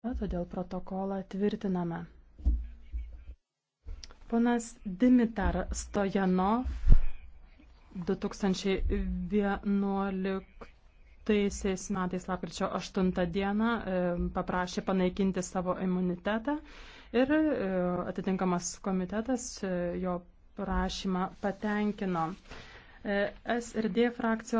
Na, todėl protokolą tvirtiname. Ponas Dimitar Stojanov 2011 metais lapkričio 8 dieną e, paprašė panaikinti savo imunitetą ir e, atitinkamas komitetas e, jo prašymą patenkino. S ir D frakcijos